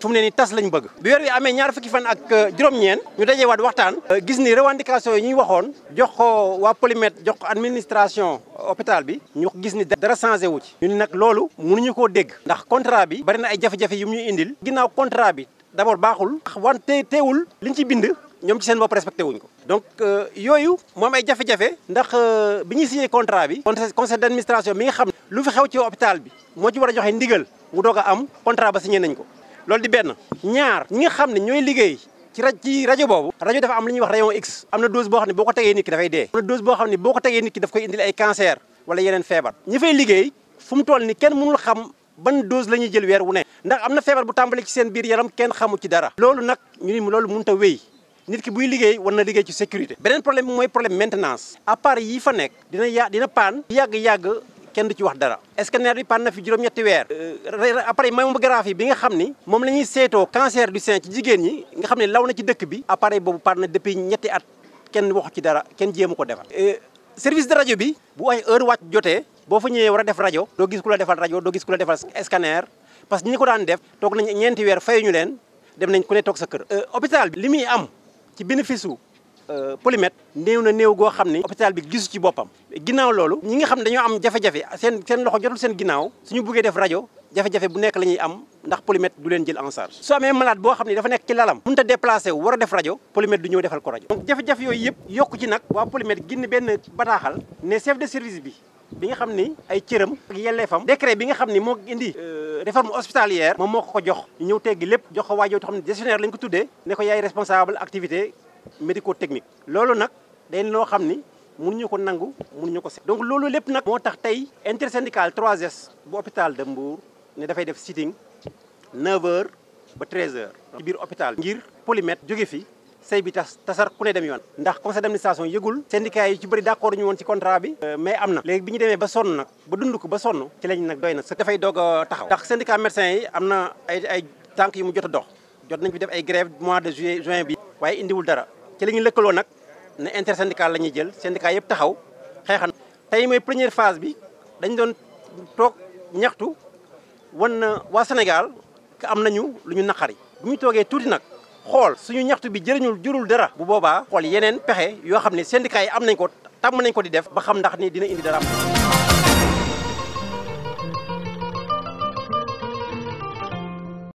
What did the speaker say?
fumne ni tas lañ bëgg bi wër wi amé ñaar fukki fan ak euh, juroom ñeen ñu dajé wat waxtaan euh, gis ni revendication yi ñi waxoon jox ko wa polymètre jox ko administration hôpital bi ñu gis ni dara changé wu ci ñun nak nag loolu mënuñu ko dégg ndax contrat bi bari na ay jafe jafé yu ñu indil ginnaw contrat bi d'abord baaxul wante téwul liñ ci bind ñom ci seen bop respecté wuñ ko donc euh, yooyu moom ay jafe jafé ndax bi ñuy signé contrat bi conseil d'administration mi nga xam lu fi xew ci hôpital bi mo ci wara a joxe ndigal mu doga am contrat ba signé nañ ko loolu di benn ñaar ñi nga xam ne ñooy liggéey ci rajo ci rajo boobu rajo dafa am lu ñuy wax rayon X am na dose boo xam ne boo ko tegee nit ki dafay dee am na dose boo xam ne boo ko tegee nit ki daf koy indil ay cancer wala yeneen mu toll ni kenn mënul xam ban dose la ñuy jël weer wu ne ndax am na feebar bu tàmbali ci seen biir yaram kenn xamu ci dara loolu nag ñu ni loolu mënut a wéy nit ki buy liggéey war na liggéey ci sécurité beneen problème bi mooy problème maintenance à part yi fa nekk dina ya dina paan yàgg-yàgg kenn du ci wax dara scanner bi par na fi juróom-ñetti weer euh, appareil mammographie bi nga xam ni moom la ñuy seetoo cancer du sein ci jigéen ñi nga xam ne law na ci dëkk bi appareil boobu par na depuis ñetti at kenn waxu ci dara kenn jéemu ko defar euh, service de rajo bi bu ay heure wàcc jotee boo fa ñëwee war a def rajo doo gis ku la defal rajo doo gis ku la defal scanner parce que ñu ko daan def toog nañ ñeenti weer ñu leen dem nañ ku ne toog sa kër euh, hôpital bi li muy am ci bénéfice Euh, polymètre néew na néew goo xam ne hôpital bi gisu ci boppam ginnaaw loolu ñi nga xam ne dañoo am jafe-jafe seen seen loxo jotul seen ginnaaw suñu buggee def rajo jafe-jafe bu nekk la ñuy am ndax polymètre du leen jël en charge soo amee malade boo xam ne dafa nekk ci lalam mënut a déplacé wu war a def rajo polymètre du ñëw defal ko rajo donc jafe-jafe yooyu yëpp yokku ci nag waa polymètre génn benn bataaxal ne chef de service bi bi nga xam ni ay cëram ak yelleefam décret bi nga xam ni moo indi euh, réforme hospitalière moom moo ko jox ñëw teggi lépp jox ko waajoo xam ne gestionnaire lañ ko tuddee ne ko yaay responsable médico technique. loolu nag day loo xam ni mënuñu ko nangu ñu ko seet. donc loolu lépp nag. moo tax tey intersyndical 3S bu hôpital de Mbour ne dafay def sitting 9h ba 13h. biir hôpital ngir polymètre jóge fi. say bi tas tasar ku ne dem yoon. ndax conseil d'administration yëgul. syndicat yi ci bëri d'accord ñu woon ci contrat bi. Euh, mais am na léegi bi ñu demee ba sonn nag ba dund ko ba sonn. ci lañ nag doy na sax dafay doog a taxaw. ndax syndicat médecins yi am na ay yu mu jot a jot nañ fi def ay grève mois de juillet juin bi. waaye indiwul dara. ci la ñu lëkkaloo nag ne intersyndical la ñuy jël syndicat yëpp taxaw xeexan tey mooy première phase bi dañ doon toog ñaxtu wan na waa Sénégal que am nañu lu ñu naqari bu ñu toogee tuuti nag xool suñu ñaxtu bi jëriñul jurul dara bu boobaa xool yeneen pexe yoo xam ne syndicat yi am nañ ko tàmm nañ ko di def ba xam ndax ni dina indi dara am